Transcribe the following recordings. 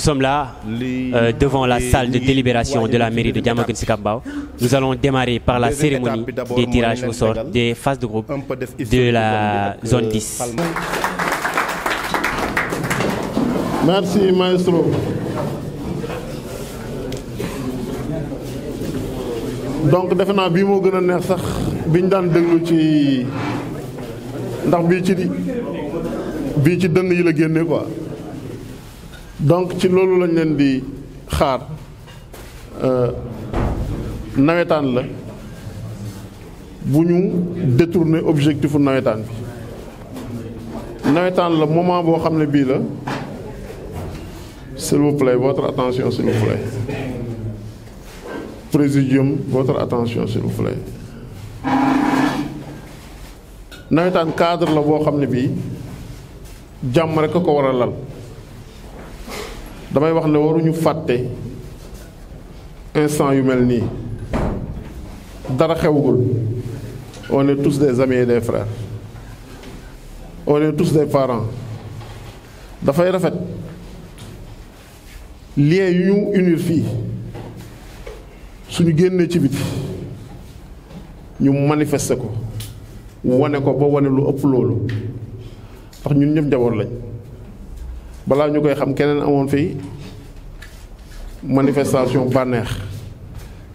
Nous sommes là euh, devant la salle de délibération de la mairie de Diamagun Nous allons démarrer par la cérémonie des tirages au sort des phases de groupe de la zone 10. Merci maestro. Donc donc ci loolu lañ leen di xaar euh, nawetaan la bu ñu détourner l'objectif nawetaan bi nawetaan la moment boo xam ne bii la s'il vous plaît votre attention s'il vous plaît présidium votre attention s'il vous plaît nawetaan cadre la boo xam ne bii jàmm rek ko war a lal damay wax ne waruñu fàtte instant yu mel nii dara xewgul on est tous des amis et des frères on est tous des parents dafay rafet lien yu ñu unir fii suñu génnee ci biti ñu manifester ko wane ko ba wane lu ëpp loolu ndax ñun ñëpp njaboot lañ bala ñu xam manifestation bànneex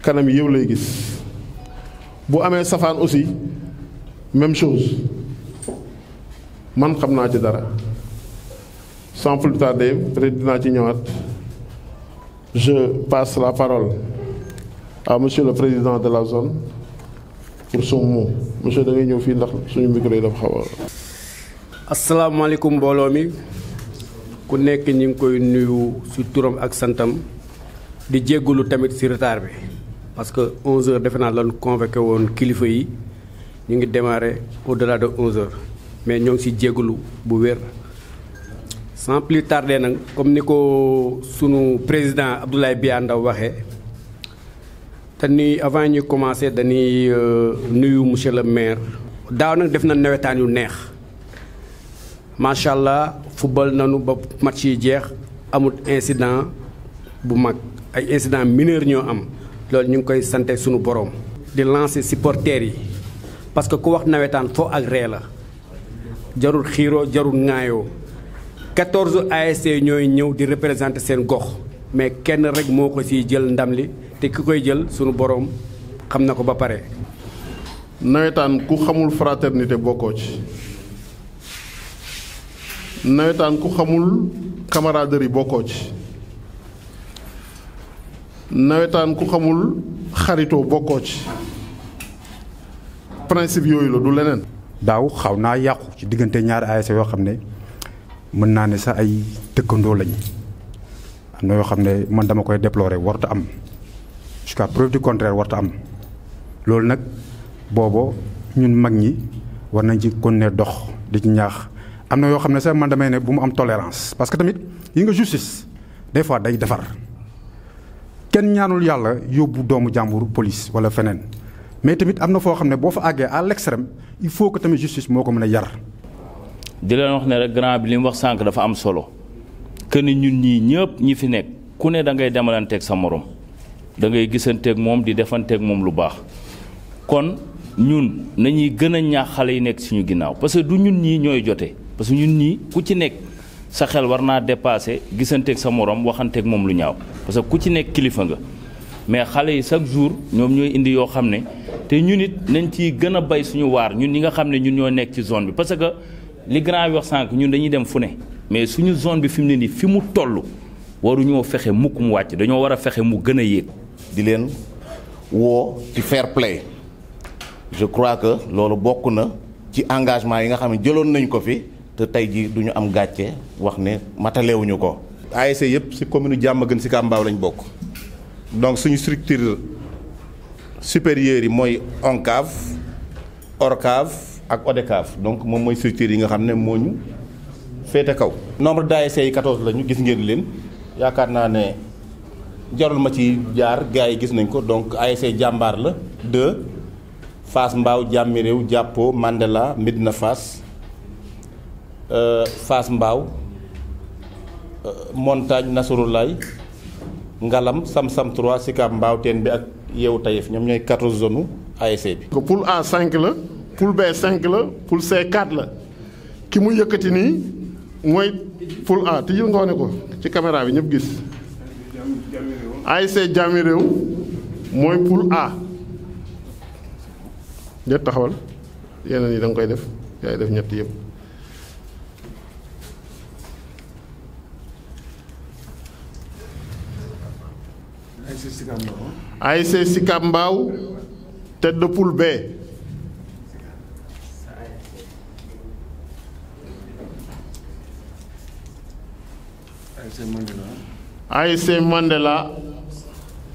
kanam yëw gis aussi même chose man sans plus tarder je passe la parole à monsieur le président de la zone pour son mot monsieur da ngay ñëw la ndax suñu micro ku nekk ñu ngi koy nuyu ci turam ak santam di jéggulu tamit ci retard bi parce que 11 defe naa lan convoqué woon kilifa yi ñu ngi démarré au-delà de 11h mais ñoo ngi ci jéggulu bu wér. sans plus tarder nag comme ni ko sunu président bi Biya Ndaw waxee te ni avant ñu commencé dañuy euh, nuyu monsieur le maire. daaw nag def na nawetaan yu neex. Machallah, le football nañu pas match yi jeex incident bu incident mineur am loolu ñu ngi lancer supporters parce que ku wax nawetaan fo ak la jarul 14 ASC ñooy di représenter sen mais kenn rek moko ko les jël ndam li te ki koy jël suñu nous na Nous ba pare. en ku fraternité nawetaan ku xamul camaraderie bokkoo ci nawetaan ku xamul xaritoo bokkoo ci principe yooyu la du leneen. daaw xaw naa yàqu ci diggante ñaari ASC yoo xam ne mën naa ne sax ay tëkkandoo lañ am na yoo xam ne man dama koy déplorer warta am jusqu'à preuve du contraire warta am loolu nag boobo ñun mag ñi war nañ ci kon ne dox di ci ñaax. am na yoo xam ne sax man damay ne bu mu am tolérance parce que tamit yi nga justice des fois day defar kenn ñaanul yàlla yóbbu doomu jàmbur police wala feneen mais tamit am na foo xam ne fa à il faut que tamit justice moo ko yar. di leen wax ne rek grand bi li wax dafa am solo que ni ñun ñii ñëpp ñi fi nekk ku ne da ngay mom sa morom da ngay di defanteeg moom lu baax kon ñun nañuy gën a ñaax xale yi nekk suñu parce que du ñun ñii parce que ñun nii ku ci nekk sa xel war naa dépassé gisanteeg sa morom waxanteeg moom lu ñaaw parce que ku ci nekk kilifa nga mais xale yi chaque jour ñoom ñooy indi yoo xam ne te ñun it nañ ciy gën a bay suñu waar ñun ñi nga xam ne ñun ñoo nekk ci zone bi parce que li grand wax sànq ñun dañuy dem fu ne mais suñu zone bi fi mu ne nii fi mu toll waruñoo fexe mukk mu wàcc dañoo war a fexe mu gën a yéeg. di leen woo ci fair play je crois que loolu bokk na ci engagement yi nga xam ne jëloon nañ ko fi. te tay ji duñu am gàcce wax ne matalewuñu ko ASC yëpp si commune jam gën si kàmbaaw lañ bok donc suñu structure supérieure yi mooy oncave orcave ak odecave donc moom moy structure yi nga xam ne moo kaw nombre d' yi 14 lañu gis ngeen leen yaakaar naa ne jarul ma ci jaar gars yi gis nañ ko donc ASC jàmbaar la 2 Fass Mbaaw Jàmmi Mandela midna Fass Euh, Fass Mbaaw euh, Montagne Nasrulaay Ngalam Sam Sam 3 Sicap Mbaaw teen bi ak Yeewu Tayef ñoom ñooy 14 zones ASC bi. ko A 5 la poule B 5 la poule C 4 la ki mu yëkkati nii mooy poule A te jël nga wane ko ci caméra bi ñëpp gis. ASC Jaami Réew mooy poul A. ñett taxawal yeneen yi da koy def yaay def ñett yëpp. ASC Sicap tête de poule B ASC Mandela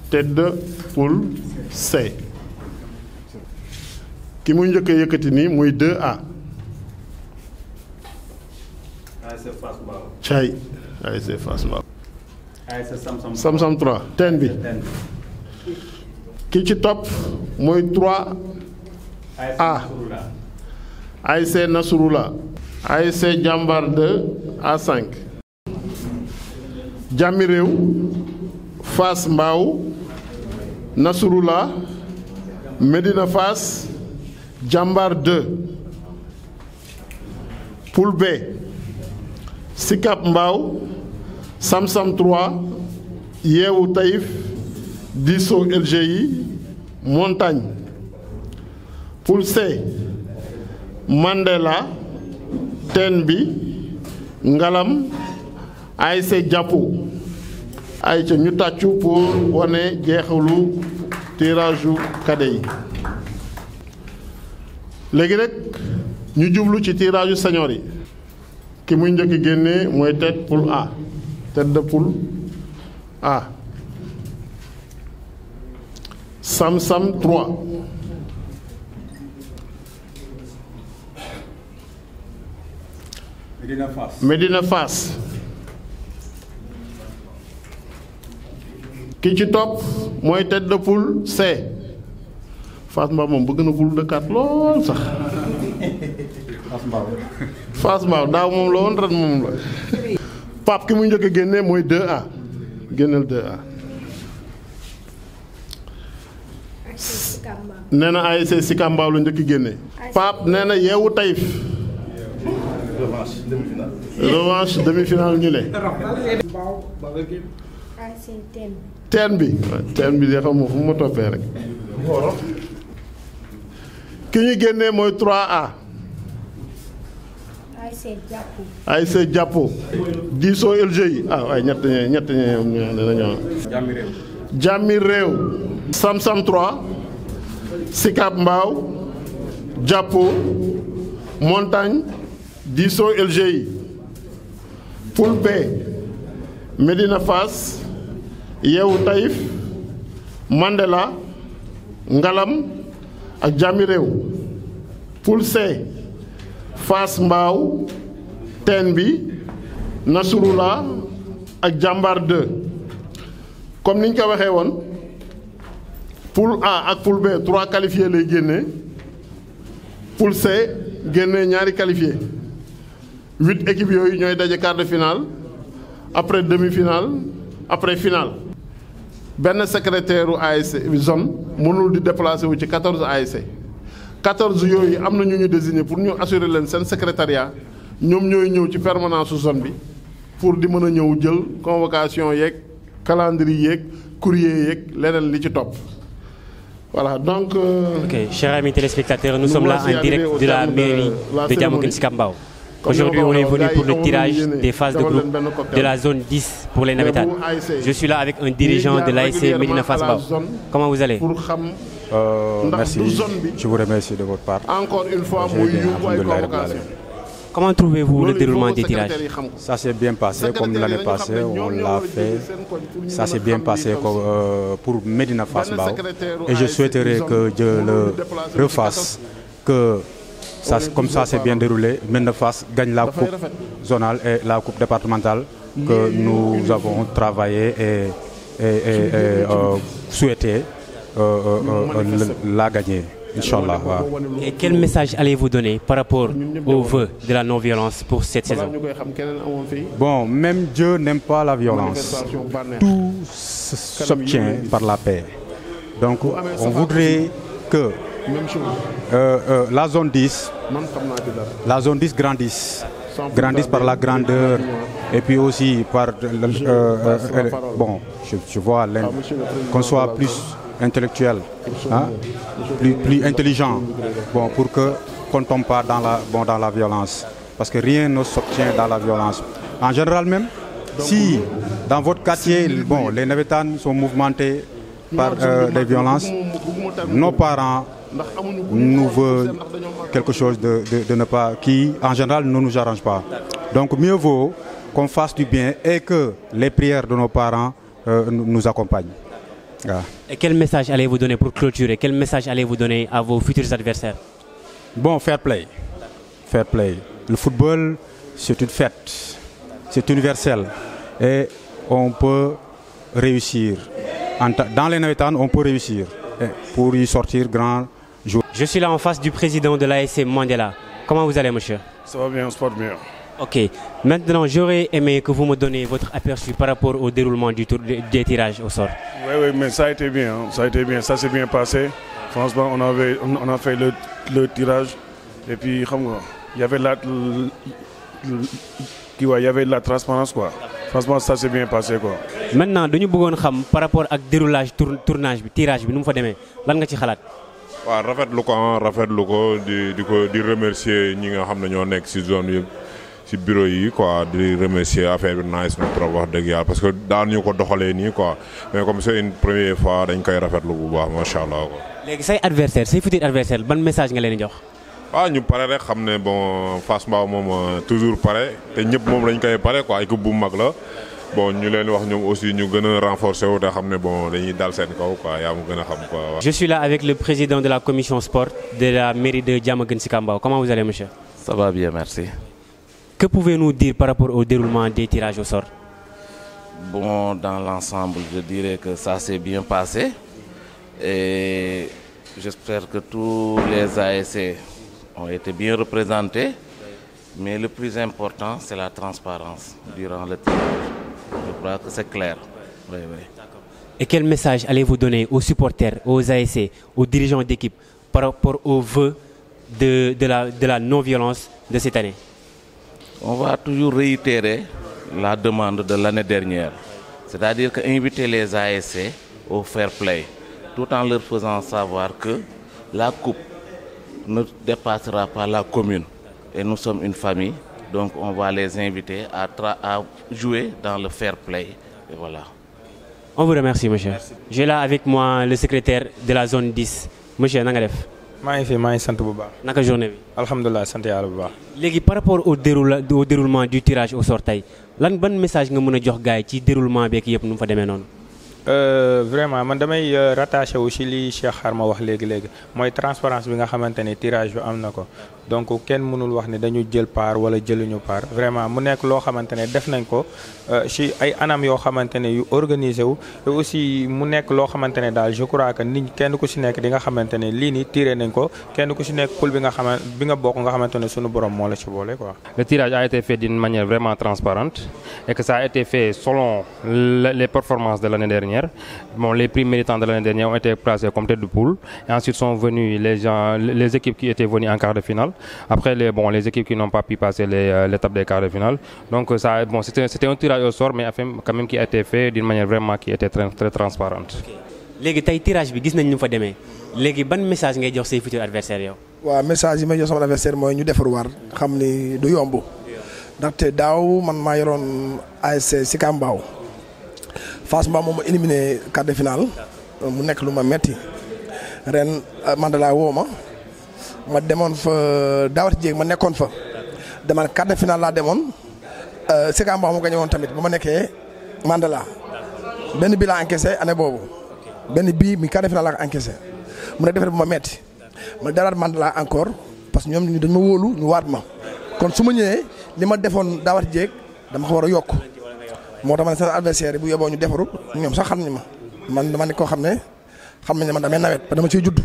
tête de poule C ki muy njëkk a yëkkati 2A ASC Fass Chai, cay ASC samsam 3 teen bi ki ci topp mooy 3 a nasurula ay c Jàmbaar 2 A5 Jàmmi Réew Fass Mbao Nasrullah Médina Fass Jàmbaar 2 Poul B Sicap Mbao Samsam 3 Yeewu Taïf Disso yi Montagne Pulsé Mandela Teen bi Ngalam ASC Jàppo ay ca ñu tàccu pour wane jeexalu tirage u kade yi léegi nag ñu jublu ci tirage u senior yi ki muy njëkk génne mooy tête poule A te dëppul A sam 3 Medina Fass Medina fas, ki ci topp tête de poule C Fass Mbao moom bëgg na poule de quatre lool sax Fass Mbao daaw moom la woon ren la Pape ki muy njëkk a génnee mooy 2A génneel 2A. nee na ASC Sicap njëkk a génnee. nee na yeewu Taïf. revanche revanche demi-finale ñu ne. teen bi teen bi de xam nga fu ma toppee rek. ki ñu génnee mooy 3A. Aïe, c'est Diapo, e LG lgi ah waaye ñett ñett Samsam 3 Sikap Mbao japo Montagne Dissot, LGI, Poulpe, Medina Fas, yew Taif, Mandela Ngalam ak jàmmi réew Fass Mbao Tenbi, Nasrullah ak 2 comme nous ko A et Poul B trois qualifiés les génnee Pour C génnee ñaari qualifiés huit équipes ont ñoy dajé quart de finale après demi-finale après finale Un secrétaire de zone mënul di déplacé wu 14 14 yoy nous ñu désigné pour ñu assurer leen secrétariat nous ñoy ñew ci permanence su zone pour di mëna ñew convocation yek calendrier yek courrier yek leneen Voilà, donc... Euh, ok, chers amis téléspectateurs, nous, sommes là en direct de la mairie de, de djamoukins Aujourd'hui, on est venu pour le tirage des phases de groupe de la zone 10 pour les Navetades. Je suis là avec un dirigeant de l'AIC Medina Fasbao. Comment vous allez euh, merci. Je vous remercie de votre part. Encore une fois, Comment trouvez-vous le déroulement des tirages Ça s'est bien passé comme l'année passée, on l'a fait. Ça s'est bien passé euh, pour Medina Fasbao. Et je souhaiterais que je le refasse, que ça, comme ça s'est bien déroulé, Medina gagne la coupe zonale et la coupe départementale que nous avons travaillé et, et, euh, souhaité. Euh, euh, euh, l'a gagné. Inch'Allah. Et quel message allez-vous donner par rapport au vœu de la non-violence pour cette saison Bon, même Dieu n'aime pas la violence. Tout s'obtient par la paix. Donc, on voudrait que la zone 10, la zone 10 grandisse grandisse par la grandeur et puis aussi par bon je, je vois ah, qu'on soit plus intellectuel, hein, plus, intelligent, bon, pour que qu'on ne tombe pas dans la, bon, dans la violence. Parce que rien ne s'obtient dans la violence. En général même, si dans votre quartier, bon, les Nevetanes sont mouvementés par des euh, violences, nos parents nous veulent quelque chose de, ne pas, qui en général ne nous arrange pas. Donc mieux vaut qu'on fasse du bien et que les prières de nos parents euh, nous accompagnent. Ah. Et quel message allez-vous donner pour clôturer Quel message allez-vous donner à vos futurs adversaires Bon, fair play. Fair play. Le football, c'est une fête. C'est universel. Et on peut réussir. Dans les ans, on peut réussir. pour y sortir grand jour. Je suis là en face du président de l'ASC Mandela. Comment vous allez, monsieur Ça va bien, on se porte Ok, maintenant j'aurais aimé que vous me donniez votre aperçu par rapport au déroulement du tour des tirages au sort. Oui, oui, mais ça a été bien, hein. ça a été bien, ça s'est bien passé. Franchement, on, avait, on, a fait le, tirage et puis il y avait la, y avait la transparence quoi. Franchement, ça s'est bien passé quoi. Maintenant, nous voulons savoir par rapport au déroulage, tournage, tirage, nous faisons, fait Qu'est-ce que vous Loko, fait remercier ñi nga xam ne ñoo ci bureau yi quoi di remercier affaire bi nice na trop wax deug yàlla parce que daan ñu ko doxale ni quoi mais comme c'est une première fois dañ koy rafetlu bu baax macha allah quoi. léegi say adversaire say futur adversaire ban message nga leen jox. waaw ah, ñu paré rek xam bon face Mbaw mom euh, toujours paré té ñëpp mom lañ koy paré quoi équipe bu mag la bon ñu leen wax ñoom aussi ñu gëna renforcer wu te xamné bon dañuy dal seen kaw quoi ya mu gëna xam quoi. je suis là avec le président de la commission sport de la mairie de Diamaguène Sicap comment vous allez monsieur. ça va bien merci. Que pouvez-vous nous dire par rapport au déroulement des tirages au sort Bon, dans l'ensemble, je dirais que ça s'est bien passé. Et j'espère que tous les ASC ont été bien représentés. Mais le plus important, c'est la transparence durant le tirage. Je crois que c'est clair. Et quel message allez-vous donner aux supporters, aux ASC, aux dirigeants d'équipe par rapport aux vœux de la non-violence de cette année on va toujours réitérer la demande de l'année dernière, c'est-à-dire inviter les ASC au fair play, tout en leur faisant savoir que la coupe ne dépassera pas la commune. Et nous sommes une famille, donc on va les inviter à, jouer dans le fair play. Et voilà. On vous remercie, monsieur. J'ai là avec moi le secrétaire de la zone 10, monsieur Nangalef maa ngi fi maa ngi bu baax. naka journée bi. alhamdulilah sant yàlla bu baax. léegi par rapport au déroul au déroulement du tirage au sort tey lan ban message nga mën a jox gars ci déroulement beeg yëpp nu mu fa demee non. Euh, vraiment man damay euh, rattaché aussi ci li Cheikh Xarma wax légui légui. Moy transparence bi nga xamantene tirage bi am ko donc kenn mënul wax ni dañu jël part wala jëluñu part vraiment mu nek lo xamantene def nañ ko euh, ci ay anam yo xamantene yu organisé wu et aussi mu nek lo xamantene dal je crois que nit kenn ku ci nek di nga xamante ne lii tiré nañ ko kenn ku ci nek pool bi nga xamantene bi nga bok nga xamantene suñu borom mo la ci bolé quoi. Le tirage a été fait d'une manière vraiment transparente et que ça a été fait selon les performances de l'année dernière. Bon, les prix méritants de l'année dernière ont été placés comme tête de poule. Et ensuite sont venus les, gens, les équipes qui étaient venues en quart de finale. Après, les, bon, les équipes qui n'ont pas pu passer l'étape euh, des quarts de finale. Donc, euh, ça, bon, c'était un tirage au sort, mais quand même qui a été fait d'une manière vraiment qui était très, très transparente. Les tey tirage bi gis nañ ñu fa demee léegi ban message ngay jox say futurs adversaires yow. waaw message yi may jox sama adversaire mooy ñu defar war xam ni du yomb ndaxte daaw man maa yoroon ASC Sika Fass Mbaw moom ma éliminé quart de mu nekk lu ma metti ren euh, Mandela woo ma ma demoon fa euh, daawati jéeg ma nekkoon fa dama quart de laa demoon Sika ba ma gañe woon tamit ba ma nekkee Mandela benn bi laa encaissé année boobu benn bii mi quart de laa ko mu ne defet bu ma metti ma daraat Mandela encore parce que ñoom dañ ma wóolu ñu waat ma kon su ma ñëwee li ma defoon daawati jéeg dama ko war a yokk moo man sa adversaire bu yeboo ñu defaru ñoom sax xam ma man dama ne ko xam ne ma nañ nawet ba dama ci judd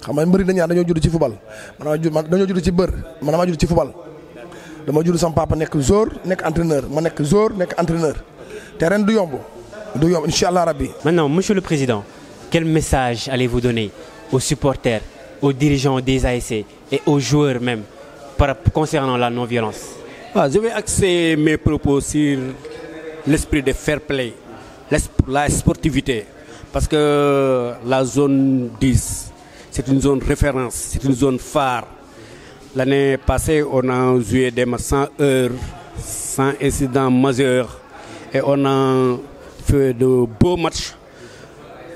xam nga mbëri dañu judd ci football man dañoo judd ci beur man dama judd ci football dama judd sama papa nek joueur nek entraîneur ma nek joueur nek entraîneur te ren du yomb du yomb inshallah allah rabbi. maintenant monsieur le président quel message allez-vous donner aux supporters aux dirigeants des ASC et aux joueurs même par concernant la non-violence. Ah, je vais axer mes propos sur l'esprit de fair play, la sportivité. Parce que la zone 10, c'est une zone référence, c'est une zone phare. L'année passée, on a joué des matchs sans heures, sans incident majeur. Et on a fait de beaux matchs.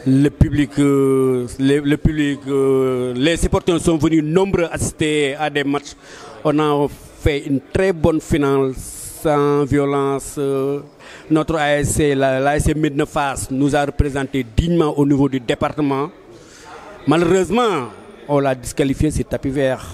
Le public, euh, euh, les supporters sont venus nombreux assister à des matchs. On a fait une très bonne finale en violence. Euh, notre ASC, l'ASC Midnefas, nous a représenté dignement au niveau du département. Malheureusement, on l'a disqualifié, c'est tapis vert.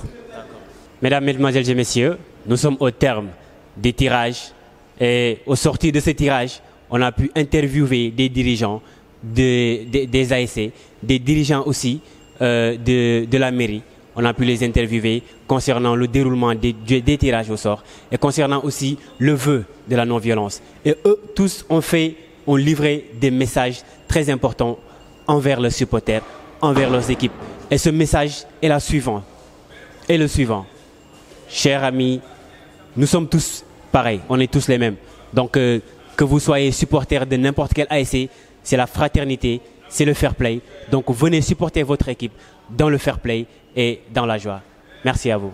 Mesdames, Mesdemoiselles et Messieurs, nous sommes au terme des tirages et au sortir de ces tirages, on a pu interviewer des dirigeants des ASC, des dirigeants aussi euh, de la mairie on a pu les interviewer concernant le déroulement des, tirages au sort et concernant aussi le vœu de la non-violence. Et eux tous ont fait, ont livré des messages très importants envers leurs supporters, envers leurs équipes. Et ce message est, la suivant, le suivant. Chers amis, nous sommes tous pareils, on est tous les mêmes. Donc euh, que vous soyez supporters de n'importe quel ASC, c'est la fraternité, c'est le fair play. Donc venez supporter votre équipe dans le fair play et dans la joie. Merci à vous.